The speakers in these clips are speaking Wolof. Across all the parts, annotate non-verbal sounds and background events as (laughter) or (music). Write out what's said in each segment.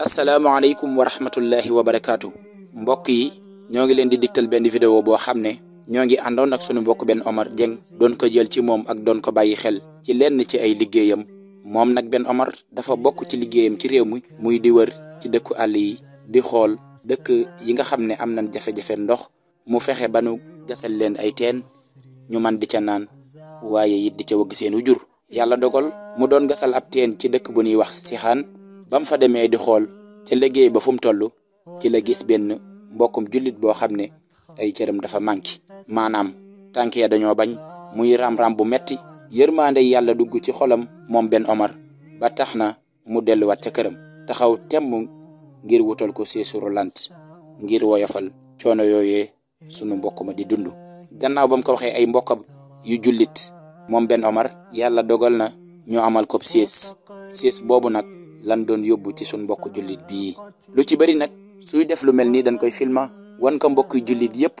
asalaamaaleykum wa rahmatullahi wa barakaatu mbokk yi ñoo ngi leen di digtal benn vidéo boo xam ne ñoo ngi àndoon ak sunu mbokk benn Omar Dieng doon ko jël ci moom ak doon ko bàyyi xel ci lenn ci ay liggéeyam moom nag benn Omar dafa bokk ci liggéeyam ci réew mi muy di wër ci dëkku àll yi di xool dëkk yi nga xam ne am nañ jafe-jafe ndox mu fexe ba nu gasal leen ay teen ñu man di ca naan waaye it di ca wëgg seenu jur yàlla dogal mu doon gasal ab teen ci dëkk bu ñuy wax Sixaan ba mu fa demee di xool ca liggéey ba fu mu toll ci la gis benn mbokkum julit boo xam ne ay cëram dafa manqué maanaam tànk ya dañoo bañ muy ram-ram bu metti yërmaande yàlla dugg ci xolam moom benn Omar ba tax na mu delluwaat ca këram taxaw temm ngir wutal ko séesuru lant ngir woyofal coono yooyee sunu mbokk ma di dund gannaaw bam mu ko waxee ay mbokkam yu julit moom benn Omar yàlla dogal na ñu amal ko sées sées boobu nag lan doon yóbbu ci suñ mbokk jullit bii lu ci bëri nag suy def lu mel nii dañ koy filma wan ko mbokki jullit yëpp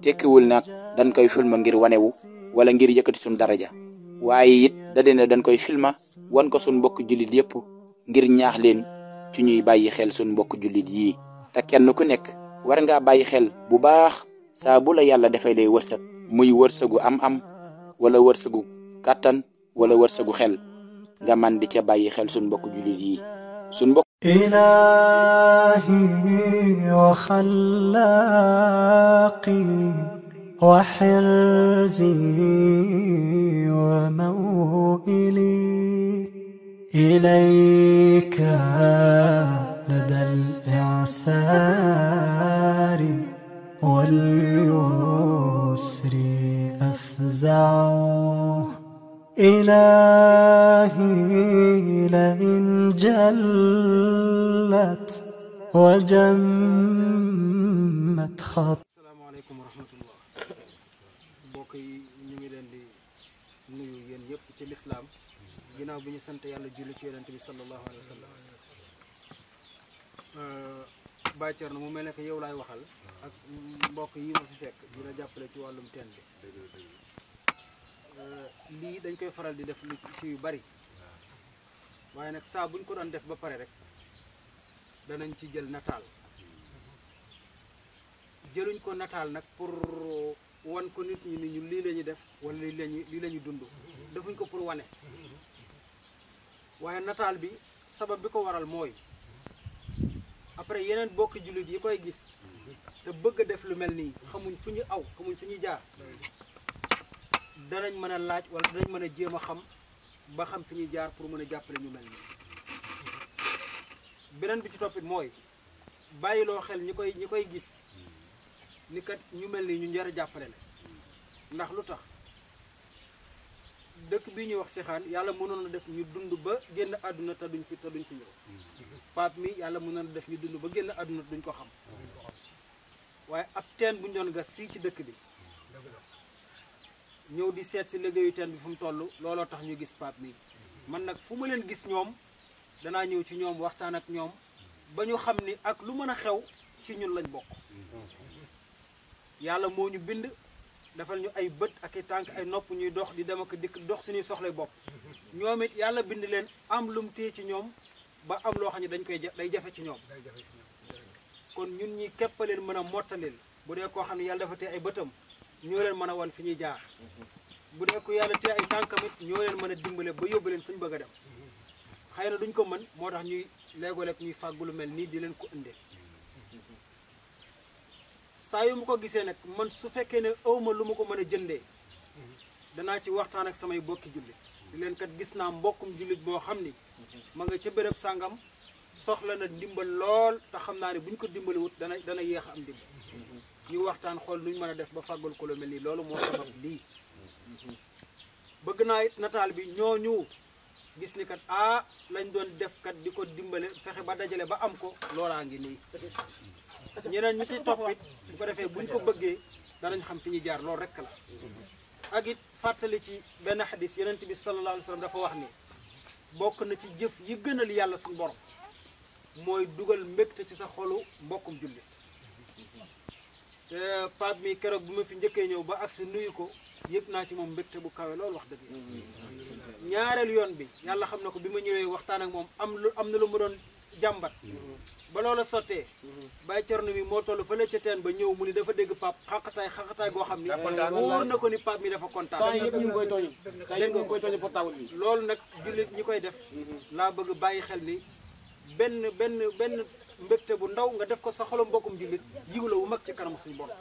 tekkiwul nag dañ koy filma ngir wanewu wala ngir yëkkati suñ daraja waaye it da dee ne dañ koy filma wan ko suñ mbokk jullit yëpp ngir ñaax leen ci ñuy bàyyi xel suñ mbokk jullit yii te kenn ku nekk war ngaa bàyyi xel bu baax saa bu la yàlla dafay lay wërsëg muy wërsëgu am am wala wërsëgu kàttan wala wërsëgu xel nga man di ca bàyyi xel suñ mbokk jullit yi suñ wa xallaqi wa xirzi wa mawili ilayka lada al isaari wal yusri الله لئن جلت وجمت خط السلام عليكم ورحمة الله بوكي نيغي لين دي ci l'islam ginaaw bi ñu sant yàlla julli ci yonent bi sallallahu alayhi wa sallam mu mel ne yow laay waxal ak yi ma jàppale ci wàllum teen bi lii dañ koy faral di def lu ci yu bari waaye nag saa buñ ko doon def ba pare rek danañ ci jël nataal jëluñ ko nataal nag pour wan ko nit ñi ni ñu lii la def wala lii la dund defuñ ko pour wane waaye nataal bi sabab bi ko waral mooy après yeneen bokki jullit yi koy gis te bëgg a def lu mel nii xamuñ fu ñu aw xamuñ fu ñu jaar danañ mën a laaj wala danañ mën a jéem a xam ba xam fi ñuy jaar pour mën a jàppale ñu mel nii beneen bi ci toppit mooy bàyyiloo xel ñi koy ñi koy gis ni kat ñu mel nii ñu njëriñ jàppale la ndax lu tax dëkk bi ñuy wax sixaan yàlla mënoon na def ñu dund ba génn àdduna te duñ fi te duñ fi ñëw paap mi yàlla mënoon na def ñu dund ba génn àdduna duñ ko xam waaye ab teen bu ñu doon gas fii ci dëkk bi ñëw di seet si liggéeyu teen bi fu mu toll looloo tax ñu gis paat mi man nag fu ma leen gis ñoom danaa ñëw ci ñoom waxtaan ak ñoom ba ñu xam ni ak lu mën a xew ci ñun lañ bokk yàlla moo ñu bind defal ñu ay bët ak i tànk ay nopp ñuy dox di dem ko dikk dox suñuy soxlay bopp ñoom it yàlla bind leen am lum téye ci ñoom ba am loo xam ne dañ koy day jafe ci ñoom kon ñun ñi képp a mën a mottalil bu dee koo xam ne yàlla dafa téye ay bëtam ñoo leen mën a wan fi ñuy jaar bu dee ku yàlla te ay tànkam it ñoo leen mën a dimbale ba yóbbu leen fu ñu bëgg a dem xëy na duñ ko mën moo tax ñuy léegoo-leeg ñuy fàggu mel nii di leen ko indee saa yu ma ko gisee nag man su fekkee ne awma lu mu ko mën a jëndee danaa ci waxtaan ak samay bokki jullit di leen kat gis naa mbokkum jullit moo xam ni ma nga ca béréb sàngam soxla na dimbal lool te xam naa ne bu ñu ko dimbaliwut dana dana yéex a am dimbal ñu waxtaan xool nuñ mën a def ba fàggul ko lu mel nii loolu moo sabab lii bëgg naa nataal bi ñoo ñooñu gis ni kat ah lañ doon def kat di ko dimbale fexe ba dajale ba am ko loolaa ngi nii ñeneen ñi ci toppit bu ko defee buñ ko bëggee danañ xam fi ñu jaar loolu rekk la ak fàttali ci benn xadis yonent bi sallallahu alayhi wa sallam dafa wax ni bokk na ci jëf yi gënal yàlla suñ borom mooy dugal mbégte ci sa xolu mbokkum jullit paat Pape mi keroog bu ma fi njëkkee ñëw ba agsi nuyu ko yëg naa ci moom mbégte bu kawe loolu wax dëgg ñaareelu yoon bi yàlla xam na ko bi ma ñëwee waxtaan ak moom am lu am na lu ma doon jàmbat ba loola sottee bàyyi corno mi moo toll fële ca teen ba ñëw mu ni dafa dégg pap xaqataay xaqataay goo xam ni wóor na ko ni pap mi dafa kontaan temps yëpp ñu ngi koy tooñ temps yëpp ñu ngi koy tooñ portable bi loolu nag jullit ñi koy def mhm. laa bëgg bàyyi xel ni benn benn benn mbégte bu ndaw nga def ko sa xolom mbokkum jullit yiw la wu mag ci kanamu suñu borom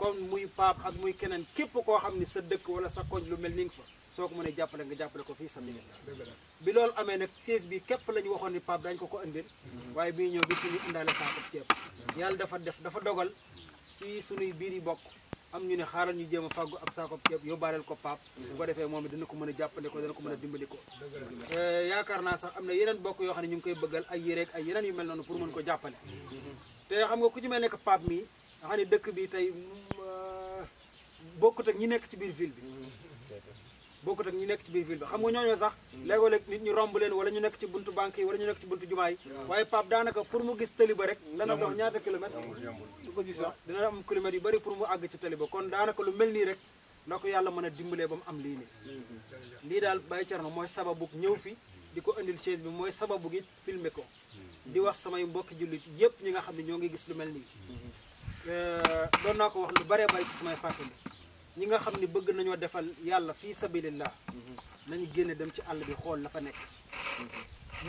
kon muy paap ak muy keneen képp koo xam ni sa dëkk wala sa koñ lu mel ni nga fa soo ko mënee jàppale nga jàppale ko fii sa liggéey bi loolu amee nag siège bi képp la ñu waxoon ni paap dañ ko ko indil mhm. waaye bii ñëw gis nañu indaale saako ceeb mhm. yàlla dafa def dafa dogal ci sunuy biir yi bokk am ñu ne xaaral ñu jéem a fàggu ab saako ceeb yóbbaaleel ko paap su ko defee moom it dina ko mën a jàppandikoo dina ko mën a dimbandikoo euh, yaakaar naa sax am na yeneen bokk yoo xam ne ñu ngi koy bëggal ay yéreeg ay yeneen yu mel noonu pour mën ko jàppale te xam nga ko ci mel nekk paap mii xam ne dëkk bi tey mm, euh, bokkut ak ñi nekk ci biir ville bi bokkut ak ñu nekk ci biir ville bi xam nga ñooñoo sax mm. léegoo-léeg ñu romb leen wala ñu nekk ci buntu banque yi wala ñu nekk ci buntu jumaa yi waaye Pape daanaka pour mu gis tali rek lana dox ñaata kilomètre du ko gis sax dina am kilomètres yu bëri pour mu àgg ci tali ba kon daanaka lu mel nii rek nda ko yàlla mën a dimbalee ba mu am lii nii mm-hmm. lii daal Baye ma mooy saba sababu ñëw fii di ko indil chaise bi mooy sababu gi filmer ko mm-hmm. di wax samay mbokki jullit yépp ñi nga xam ne ñoo ngi gis lu mel nii mm-hmm. euh, doon naa ko wax lu bare bay samay fàttali ñi nga xam ne bëgg nañoo defal yàlla fii sabilillah nañu génne dem ci àll bi xool la nekk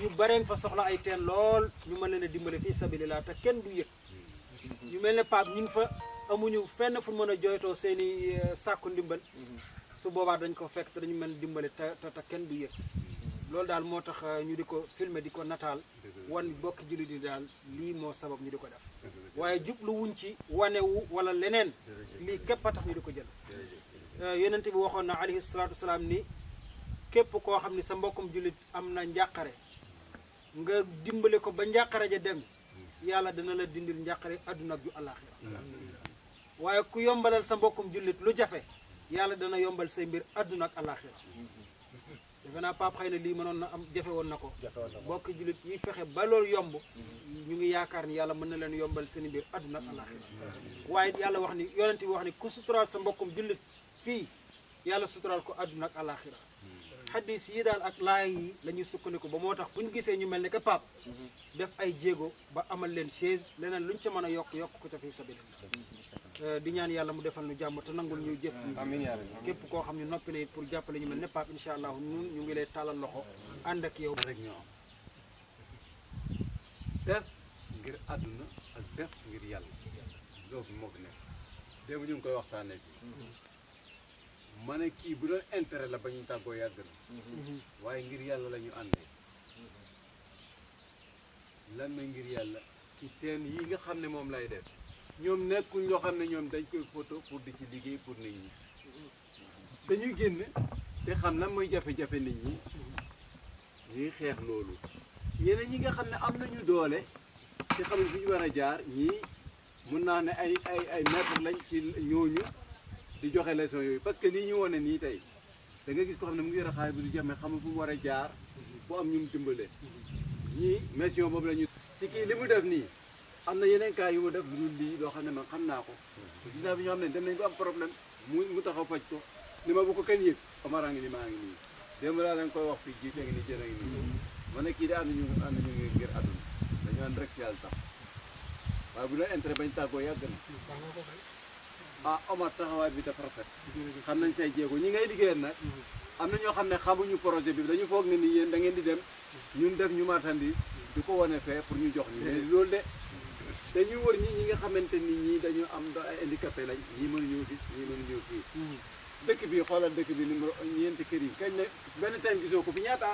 ñu bareen fa soxla ay teen lool ñu mën leen a dimbale fii sabilillah te kenn du yëg ñu mel ne paap ñun fa amuñu fenn fu mën a jooytoo seeni i euh, sàkku ndimbal su boobaa dañ ko fekk te dañu mën dimbali te te kenn du yëg loolu daal moo tax euh, ñu di ko filmer di ko nataal wan bokki jullit yi daal lii moo sabab ñu di ko def waaye jubluwuñ ci wanewu walla leneen lii képp a tax ñu di ko jël euh, yonent bi waxoon na alayhi salaatu wasalaam ni képp koo xam ni sa mbokkum jullit am na njàqare nga dimbale ko ba njàqare ja dem yàlla dana la dindil njàqare adduna ju àllaaxira waaye ku yombalal sa mbokkum jullit lu jafe yàlla dana yombal say mbir àdduna ak àllaaxira defe naa Pape xëy na lii mënoon na am jafe woon na ko mbokki jullit ñuy fexe ba loolu yomb ñu ngi yaakaar ni yàlla mën na leen yombal seen mbir adduna waaye yàlla wax ni yonent wax ni ku suturaal sa mbokkum jullit fii yàlla suturaal ko àdduna ak alaxira hmm. xadis yi daal ak laay yi la ñuy sukkandiku ba moo tax bu ñu gisee ñu mel ne que paap hmm. def ay jéego ba amal leen chaise leneen luñ ca mën a yokk yokk ko ca fii sabilillah hmm. euh, di ñaan yàlla mu defal nu jàmm te nangul ñuy jëf képp koo xam ne noppi na it pour jàppale ñu mel ne paap insha allah ñun ñu ngi lay tàllal loxo ànd ak yow rek ñoo def def dootul moo fi nekk démb ñu ngi koy waxtaanee fii ma ne kii bu doon intérêt la ba ñu tàggoo yàgg na waaye ngir yàlla lañu ñu àndee lan na ngir yàlla ci seen yi nga xam ne moom lay def ñoom nekkuñ yoo xam ne ñoom dañ koy photo pour di ci liggéey pour nit ñi dañuy génn te xam lan mooy jafe-jafe nit ñi ñuy xeex loolu ñeneen ñi nga xam ne am nañu doole te xam ne ñu war a jaar ñii mun naa ne ay ay ay maître lañ ci ñooñu di joxe leçon yooyu parce que nii ñu wane nii tey da nga gis ko xam ne mu ngi yor xaalis bu du jeex mais war a jaar fu am ñu mu dimbale ñii mission boobu la ñu ci kii li mu def am na yeneen cas yu mu def dul lii loo xam ne man xam naa ko gis ñoo xam dem nañ ko am problème mu mu taxaw faj ni ma ko kenn yëg Omar ngi maa ngi nii démb laa wax fii jiite ngi ni jërë ngi nii kii de ànd ñu ànd ñu ngir àdduna dañu ànd rek si yàlla waaw bu doon intérêt bañ tàggoo yàgg na ah Omar taxawaay bi dafa rafet xam nañ say jéego ñi ngay liggéeyal nag am na ñoo xam ne xamuñu projet bi dañu foog ne ni yéen da ngeen di dem ñun def ñu martandi di ko wane fee pour ñu jox ñu loolu de te ñu wër ñi ñi nga xamante ni ñii dañu am ay handicapé lañ ñii mënuñu gis ñii mënuñu fii dëkk bi xoolal dëkk bi numéro ñeenti kër yi kañ ne benn teen gisoo ko fi ñaata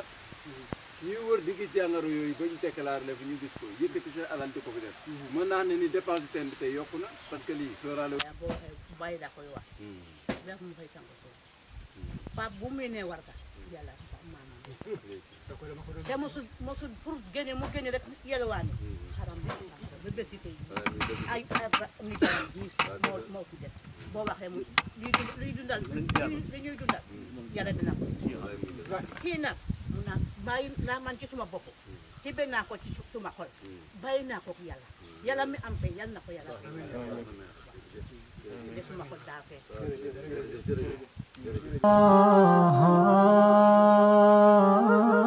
ñuy wër di gis jàngaro yooyu ba ñu tekkalaar la fi ñu gis ko yëkkati sa alal di ko fi def mm-hmm. mën naa ne ni dépense teen bi tey yokk na parce que lii sooraale boo waxee bàyyi daa koy wax def mm-hmm. mu mm-hmm. (laughs) koy ma soo pap ga yàlla maanaam te mosu mosu pour génne mu génne rek yelwaani xaram ba bés yi tey ay ni ji moo moo fi def boo waxee mu luy dundal li ñuy dundal yàlla dina ko kii nag bàyyi naa man ci suma bopp ci benn naa ko ci suma xol bàyyi naa ko yàlla yàlla mi am fee yàlla na ko yàlla fee suma xol daa fee